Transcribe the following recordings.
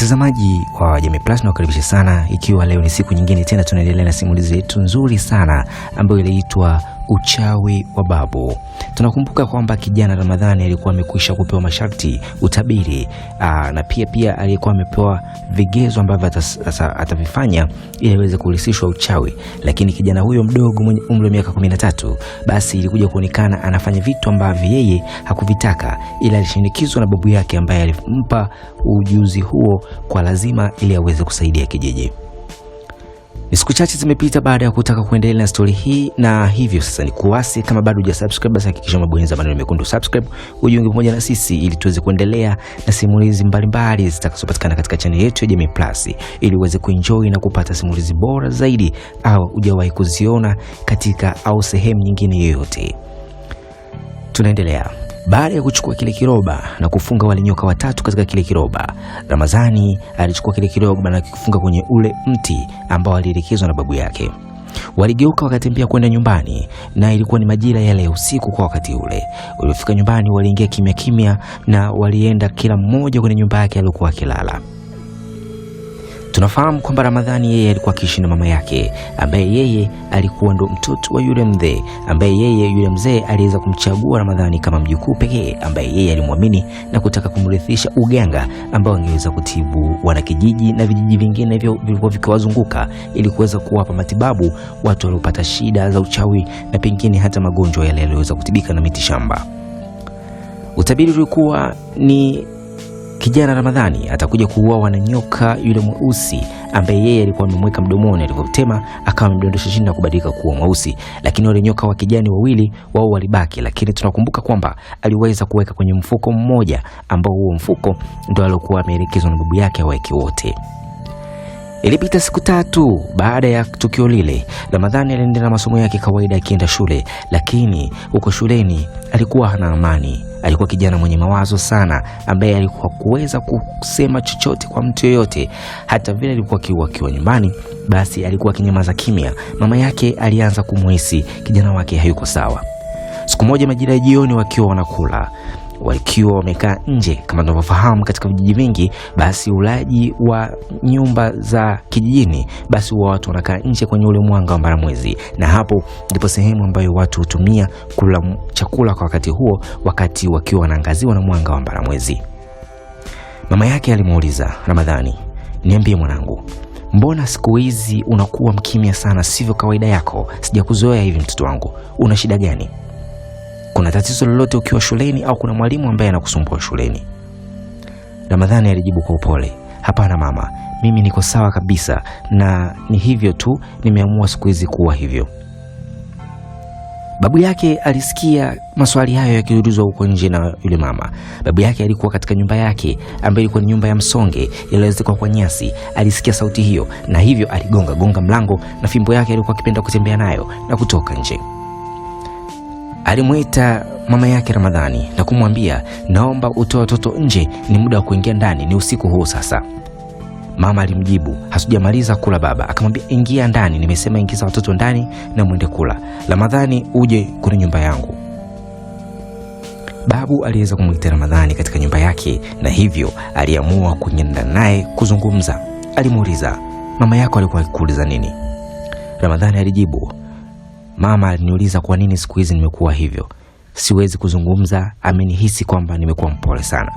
Mtazamaji wa Jamii Plus nawakaribisha sana, ikiwa leo ni siku nyingine tena tunaendelea na simulizi yetu nzuri sana ambayo iliitwa uchawi wa babu. Tunakumbuka kwamba kijana Ramadhani alikuwa amekwisha kupewa masharti utabiri aa, na pia pia alikuwa amepewa vigezo ambavyo atavifanya ili aweze kurisishwa uchawi, lakini kijana huyo mdogo mwenye umri wa miaka 13 basi ilikuja kuonekana anafanya vitu ambavyo yeye hakuvitaka, ila alishinikizwa na babu yake ambaye alimpa ujuzi huo kwa lazima ili aweze kusaidia kijiji. Ni siku chache zimepita baada ya kutaka kuendelea na stori hii, na hivyo sasa ni kuasi. Kama bado hujasubscribe, basi hakikisha umebonyeza maneno mekundu subscribe, ujiunge pamoja na sisi ili tuweze kuendelea na simulizi mbalimbali zitakazopatikana katika chaneli yetu ya Jamii Plus, ili uweze kuenjoy na kupata simulizi bora zaidi au hujawahi kuziona katika au sehemu nyingine yoyote. Tunaendelea. Baada ya kuchukua kile kiroba na kufunga wale nyoka watatu katika kile kiroba, Ramadhani alichukua kile kiroba na kufunga kwenye ule mti ambao alielekezwa na babu yake. Waligeuka wakatembea kwenda nyumbani, na ilikuwa ni majira yale ya usiku kwa wakati ule. waliofika nyumbani, waliingia kimya kimya na walienda kila mmoja kwenye nyumba yake aliyokuwa akilala. Tunafahamu kwamba Ramadhani yeye alikuwa akiishi na mama yake ambaye yeye alikuwa ndo mtoto wa yule mzee ambaye yeye yule mzee aliweza kumchagua Ramadhani kama mjukuu pekee ambaye yeye alimwamini na kutaka kumrithisha uganga ambao angeweza kutibu wanakijiji na vijiji vingine vilikuwa vikiwazunguka ili kuweza kuwapa matibabu watu waliopata shida za uchawi na pengine hata magonjwa yale yaliyoweza kutibika na miti shamba. Utabiri ulikuwa ni kijana Ramadhani atakuja kuuawa na nyoka yule mweusi ambaye yeye alikuwa amemweka mdomoni alivyotema, akawa amemdondosha chini na kubadilika kuwa mweusi. Lakini wale nyoka wa kijani wawili wao walibaki, lakini tunakumbuka kwamba aliweza kuweka kwenye mfuko mmoja ambao huo mfuko ndio aliokuwa ameelekezwa na babu yake aweke wote. Ilipita siku tatu baada ya tukio lile. Ramadhani aliendelea na masomo yake kawaida, akienda shule, lakini huko shuleni alikuwa hana amani. Alikuwa kijana mwenye mawazo sana, ambaye alikuwa kuweza kusema chochote kwa mtu yoyote. Hata vile alikuwa akiwa nyumbani, basi alikuwa akinyamaza kimya. Mama yake alianza kumuhisi kijana wake hayuko sawa. Siku moja majira ya jioni, wakiwa wanakula, wakiwa wamekaa mm. nje. Kama tunavyofahamu katika vijiji vingi, basi ulaji wa nyumba za kijijini, basi huwa watu wanakaa nje kwenye ule mwanga wa mbaramwezi, na hapo ndipo sehemu ambayo watu hutumia kula chakula kwa wakati huo, wakati wakiwa wanaangaziwa na mwanga wa mbaramwezi. Mama yake alimuuliza Ramadhani, niambie mwanangu, mbona siku hizi unakuwa mkimya sana? Sivyo kawaida yako, sijakuzoea hivi mtoto wangu, una shida gani? kuna tatizo lolote ukiwa shuleni au kuna mwalimu ambaye anakusumbua shuleni? Ramadhani alijibu kwa upole, hapana mama, mimi niko sawa kabisa, na ni hivyo tu, nimeamua siku hizi kuwa hivyo. Babu yake alisikia maswali hayo yakiulizwa huko nje na yule mama. Babu yake alikuwa katika nyumba yake ambayo ilikuwa ni nyumba ya msonge iliyoezekwa kwa nyasi. Alisikia sauti hiyo, na hivyo aligonga gonga mlango na fimbo yake alikuwa akipenda kutembea nayo na kutoka nje. Alimwita mama yake Ramadhani na kumwambia, naomba utoe watoto nje, ni muda wa kuingia ndani, ni usiku huu sasa. Mama alimjibu, hasujamaliza kula baba. Akamwambia, ingia ndani, nimesema ingiza watoto ndani na mwende kula. Ramadhani, uje kwenye nyumba yangu. Babu aliweza kumwita Ramadhani katika nyumba yake, na hivyo aliamua kunyenda naye kuzungumza. Alimuuliza, mama yako alikuwa akikuuliza nini? Ramadhani alijibu, Mama aliniuliza kwa nini siku hizi nimekuwa hivyo. Siwezi kuzungumza, amenihisi kwamba nimekuwa mpole sana.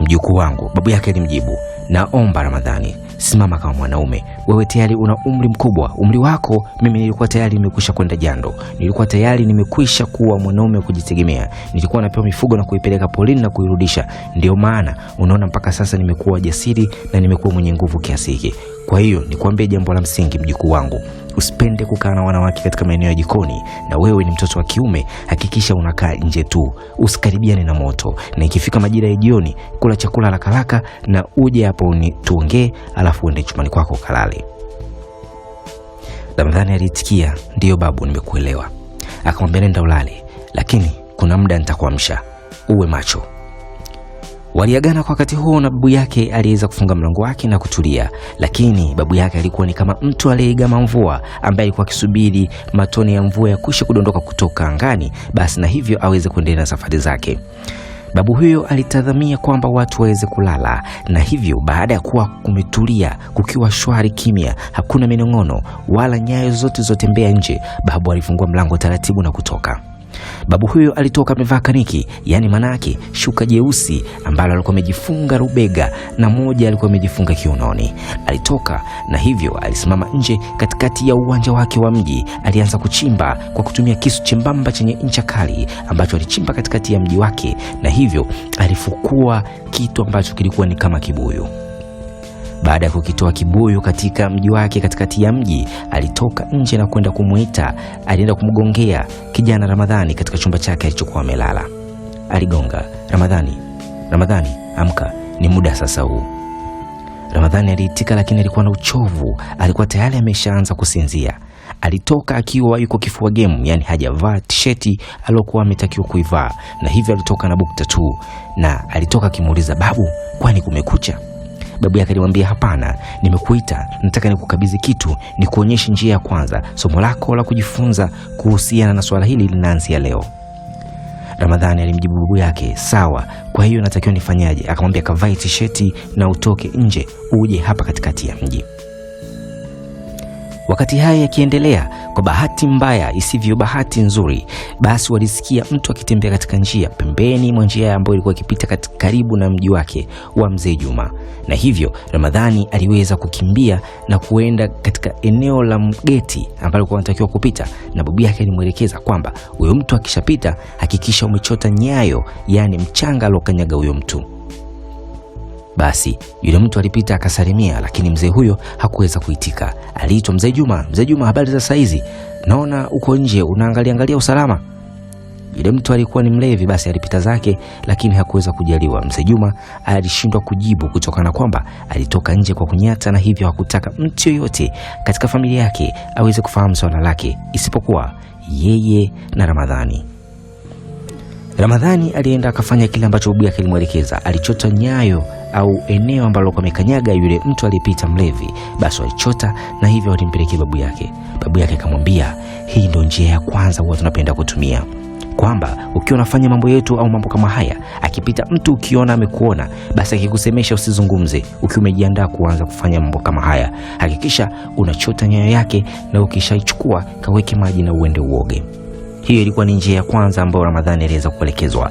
Mjukuu wangu, babu yake alimjibu, naomba Ramadhani, simama kama mwanaume. Wewe tayari una umri mkubwa, umri wako. Mimi nilikuwa tayari nimekwisha kwenda jando, nilikuwa tayari nimekwisha kuwa mwanaume wa kujitegemea. Nilikuwa napewa mifugo na kuipeleka polini na kuirudisha. Ndio maana unaona mpaka sasa nimekuwa jasiri na nimekuwa mwenye nguvu kiasi hiki. Kwa hiyo nikuambie jambo la msingi, mjukuu wangu, Usipende kukaa na wanawake katika maeneo ya jikoni, na wewe ni mtoto wa kiume, hakikisha unakaa nje tu, usikaribiane na moto, na ikifika majira ya jioni, kula chakula rakaraka haraka na uje hapo tuongee, alafu uende chumbani kwako kalale. Ramadhani alitikia, ndiyo babu, nimekuelewa. Akamwambia nenda ulale, lakini kuna muda nitakuamsha, uwe macho. Waliagana kwa wakati huo na babu yake aliweza kufunga mlango wake na kutulia, lakini babu yake alikuwa ni kama mtu aliyeigama mvua, ambaye alikuwa akisubiri matone ya mvua yakwisha kudondoka kutoka angani, basi na hivyo aweze kuendelea na safari zake. Babu huyo alitazamia kwamba watu waweze kulala, na hivyo baada ya kuwa kumetulia, kukiwa shwari, kimya, hakuna minong'ono wala nyayo zote zotembea nje, babu alifungua mlango taratibu na kutoka. Babu huyo alitoka amevaa kaniki, yaani manake shuka jeusi ambalo alikuwa amejifunga rubega na moja alikuwa amejifunga kiunoni. Alitoka na hivyo alisimama nje katikati ya uwanja wake wa mji. Alianza kuchimba kwa kutumia kisu chembamba chenye ncha kali ambacho alichimba katikati ya mji wake, na hivyo alifukua kitu ambacho kilikuwa ni kama kibuyu. Baada ya kukitoa kibuyu katika mji wake katikati ya mji, alitoka nje na kwenda kumwita. Alienda kumgongea kijana Ramadhani katika chumba chake alichokuwa amelala. Aligonga, Ramadhani, Ramadhani, amka, ni muda sasa huu. Ramadhani aliitika, lakini alikuwa na uchovu, alikuwa tayari ameshaanza kusinzia. Alitoka akiwa yuko kifua gemu, yani hajavaa tisheti aliyokuwa ametakiwa kuivaa, na hivyo alitoka na bukta tu, na alitoka akimuuliza babu, kwani kumekucha? Babu yake alimwambia hapana, nimekuita nataka nikukabidhi kitu, nikuonyeshe njia ya kwanza. Somo lako la kujifunza kuhusiana na swala hili linaanzia leo. Ramadhani alimjibu babu yake, sawa, kwa hiyo natakiwa nifanyaje? Akamwambia, kavae tisheti na utoke nje uje hapa katikati ya mji. Wakati haya yakiendelea, kwa bahati mbaya isivyo bahati nzuri, basi walisikia mtu akitembea katika njia pembeni mwa njia ambayo ilikuwa ikipita karibu na mji wake wa Mzee Juma, na hivyo Ramadhani aliweza kukimbia na kuenda katika eneo la mgeti ambalo alikuwa anatakiwa kupita, na bibi yake alimwelekeza kwamba huyo mtu akishapita hakikisha umechota nyayo, yaani mchanga aliokanyaga huyo mtu. Basi yule mtu alipita akasalimia, lakini mzee huyo hakuweza kuitika. Aliitwa mzee Juma, mzee Juma, habari za saizi? Naona uko nje unaangalia angalia usalama. Yule mtu alikuwa ni mlevi, basi alipita zake, lakini hakuweza kujaliwa. Mzee Juma alishindwa kujibu kutokana kwamba alitoka nje kwa kunyata, na hivyo hakutaka mtu yoyote katika familia yake aweze kufahamu swala lake isipokuwa yeye na Ramadhani. Ramadhani alienda akafanya kile ambacho babu yake alimwelekeza. Alichota nyayo au eneo ambalo kwa yule mtu alipita mlevi, basi walichota na hivyo walimpelekea babu yake. Babu yake akamwambia, hii ndio njia ya kwanza huwa tunapenda kutumia kwamba ukiwa unafanya mambo yetu au mambo kama haya, akipita mtu ukiona amekuona, basi akikusemesha usizungumze. Ukiwa umejiandaa kuanza kufanya mambo kama haya, hakikisha unachota nyayo yake, na ukishaichukua kaweke maji na uende uoge. Hiyo ilikuwa ni njia ya kwanza ambayo Ramadhani aliweza kuelekezwa.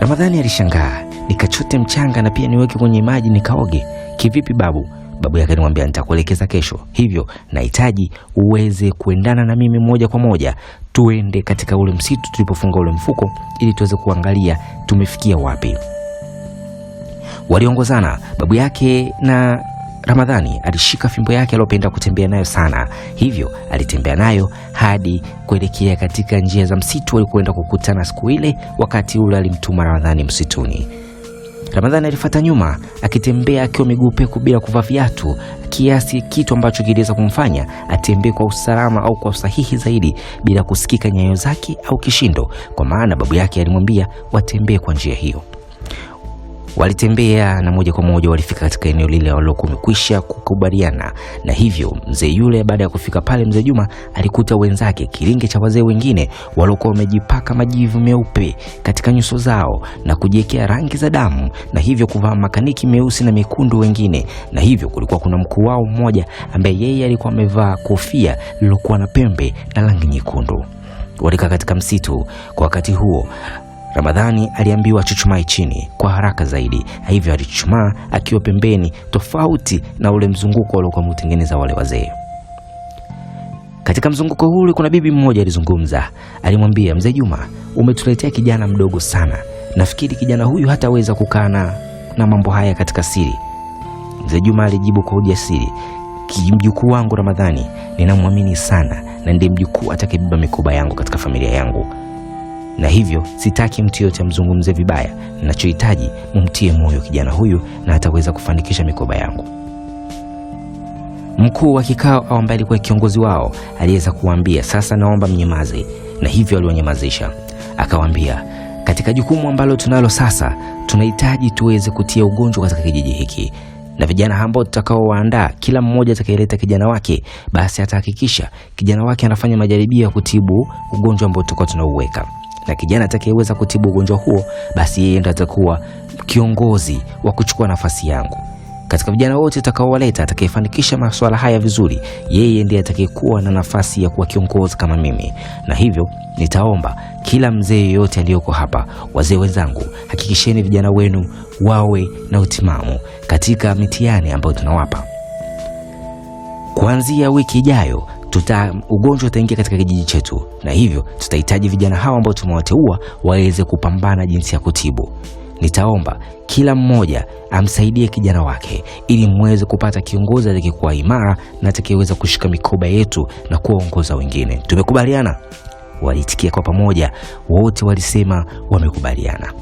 Ramadhani alishangaa nikachote mchanga na pia niweke kwenye maji nikaoge. Kivipi babu? Babu yake alimwambia nitakuelekeza kesho, hivyo nahitaji uweze kuendana na mimi moja kwa moja, tuende katika ule msitu tulipofunga ule mfuko, ili tuweze kuangalia tumefikia wapi. Waliongozana babu yake na Ramadhani alishika fimbo yake aliyopenda kutembea nayo sana, hivyo alitembea nayo hadi kuelekea katika njia za msitu walikwenda kukutana siku ile. Wakati ule alimtuma Ramadhani msituni. Ramadhani alifata nyuma akitembea akiwa miguu peku bila kuvaa viatu, kiasi kitu ambacho kiliweza kumfanya atembee kwa usalama au kwa usahihi zaidi bila kusikika nyayo zake au kishindo, kwa maana babu yake alimwambia watembee kwa njia hiyo. Walitembea na moja kwa moja walifika katika eneo lile waliokuwa wamekwisha kukubaliana, na hivyo mzee yule baada ya kufika pale, mzee Juma alikuta wenzake kilinge cha wazee wengine waliokuwa wamejipaka majivu meupe katika nyuso zao na kujiwekea rangi za damu, na hivyo kuvaa makaniki meusi na mekundu wengine, na hivyo kulikuwa kuna mkuu wao mmoja ambaye yeye alikuwa amevaa kofia lilokuwa na pembe na rangi nyekundu. Walikaa katika msitu kwa wakati huo Ramadhani aliambiwa achuchumae chini kwa haraka zaidi, hivyo alichuchumaa akiwa pembeni, tofauti na ule mzunguko waliokuwa mtengeneza wale wazee. Katika mzunguko huu kuna bibi mmoja alizungumza, alimwambia mzee Juma, umetuletea kijana mdogo sana, nafikiri kijana huyu hataweza kukana na mambo haya katika siri. Mzee Juma alijibu kwa ujasiri, kimjukuu wangu Ramadhani ninamwamini sana na ndiye mjukuu atakayebeba mikoba yangu katika familia yangu na hivyo sitaki mtu yeyote amzungumze vibaya. Ninachohitaji mumtie moyo kijana huyu na ataweza kufanikisha mikoba yangu. Mkuu wa kikao au ambaye alikuwa kiongozi wao aliweza kuwaambia, sasa naomba mnyamaze, na hivyo aliwanyamazisha. Akawaambia, katika jukumu ambalo tunalo sasa, tunahitaji tuweze kutia ugonjwa katika kijiji hiki na vijana ambao tutakaowaandaa, kila mmoja atakaeleta kijana wake, basi atahakikisha kijana wake anafanya majaribio ya kutibu ugonjwa ambao tutakuwa tunauweka na kijana atakayeweza kutibu ugonjwa huo, basi yeye ndo atakuwa kiongozi wa kuchukua nafasi yangu. Katika vijana wote utakaowaleta, atakayefanikisha masuala haya vizuri, yeye ndiye atakayekuwa na nafasi ya kuwa kiongozi kama mimi. Na hivyo nitaomba kila mzee yeyote aliyoko hapa, wazee wenzangu, hakikisheni vijana wenu wawe na utimamu katika mitihani ambayo tunawapa. Kuanzia wiki ijayo tuta ugonjwa utaingia katika kijiji chetu, na hivyo tutahitaji vijana hawa ambao tumewateua waweze kupambana jinsi ya kutibu. Nitaomba kila mmoja amsaidie kijana wake ili mweze kupata kiongozi atakayekuwa imara na atakayeweza kushika mikoba yetu na kuwaongoza wengine. Tumekubaliana? Walitikia kwa pamoja, wote walisema wamekubaliana.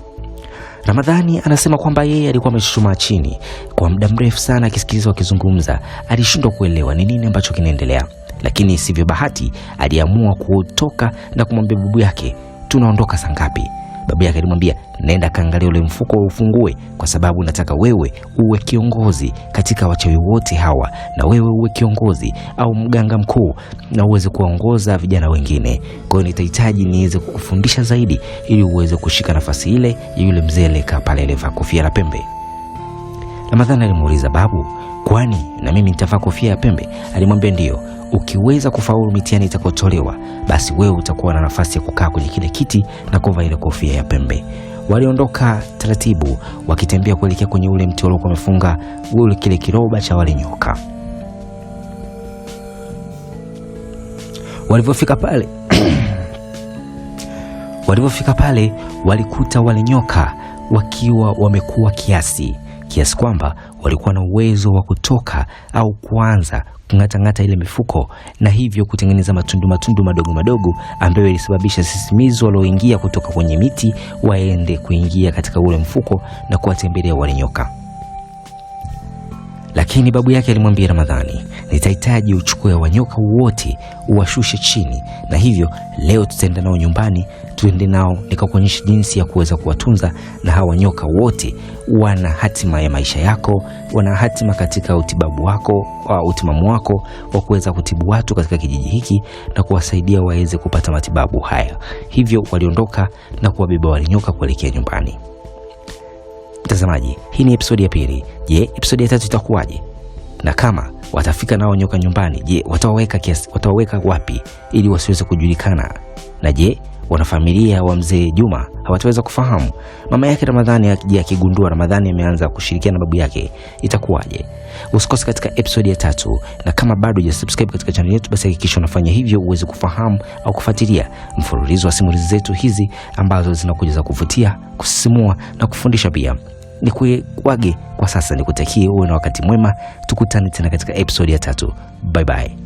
Ramadhani anasema kwamba yeye alikuwa amechuchumaa chini kwa muda mrefu sana akisikiliza wakizungumza. Alishindwa kuelewa ni nini ambacho kinaendelea lakini sivyo bahati, aliamua kutoka na kumwambia babu yake, tunaondoka sangapi Babu yake alimwambia naenda kaangalia ule mfuko wa ufungue, kwa sababu nataka wewe uwe kiongozi katika wachawi wote hawa, na wewe uwe kiongozi au mganga mkuu, na uweze kuwaongoza vijana wengine. Kwa hiyo nitahitaji niweze kukufundisha zaidi, ili uweze kushika nafasi ile ya yule mzee leka pale aliyevaa kofia la pembe. Ramadhani alimuuliza babu, kwani na mimi nitavaa kofia ya pembe? Alimwambia ndiyo ukiweza kufaulu mitihani itakayotolewa, basi wewe utakuwa na nafasi ya kukaa kwenye kile kiti na kuvaa ile kofia ya pembe. Waliondoka taratibu wakitembea kuelekea kwenye ule mti waliokuwa wamefunga ule kile kiroba cha wale nyoka. Walivyofika pale walivyofika pale walikuta wale nyoka wakiwa wamekuwa kiasi kiasi kwamba walikuwa na uwezo wa kutoka au kuanza kung'atang'ata ile mifuko na hivyo kutengeneza matundu matundu madogo madogo ambayo ilisababisha sisimizi walioingia kutoka kwenye miti waende kuingia katika ule mfuko na kuwatembelea wale nyoka. Lakini babu yake alimwambia Ramadhani, nitahitaji uchukue wanyoka wote uwashushe chini, na hivyo leo tutaenda nao nyumbani, tuende nao nikakuonyesha jinsi ya kuweza kuwatunza, na hawa wanyoka wote wana hatima ya maisha yako, wana hatima katika utibabu wako, wa utimamu wako wa kuweza kutibu watu katika kijiji hiki na kuwasaidia waweze kupata matibabu haya. Hivyo waliondoka na kuwabeba walinyoka kuelekea nyumbani. Mtazamaji, hii ni episodi ya pili. Je, episodi ya tatu itakuwaje? na kama watafika nao nyoka nyumbani, je, watawaweka kiasi, watawaweka wapi ili wasiweze kujulikana? Na je wanafamilia wa mzee Juma hawataweza kufahamu? Mama yake Ramadhani akigundua Ramadhani ameanza kushirikiana na babu yake itakuwaje? Usikose katika episode ya tatu, na kama bado hujasubscribe katika channel yetu, basi hakikisha unafanya hivyo uweze kufahamu au kufuatilia mfululizo wa simulizi zetu hizi ambazo zinakuja za kuvutia, kusisimua na kufundisha pia ni kuwage kwa sasa, nikutakie uwe na wakati mwema, tukutane tena katika episodi ya tatu. Bye bye.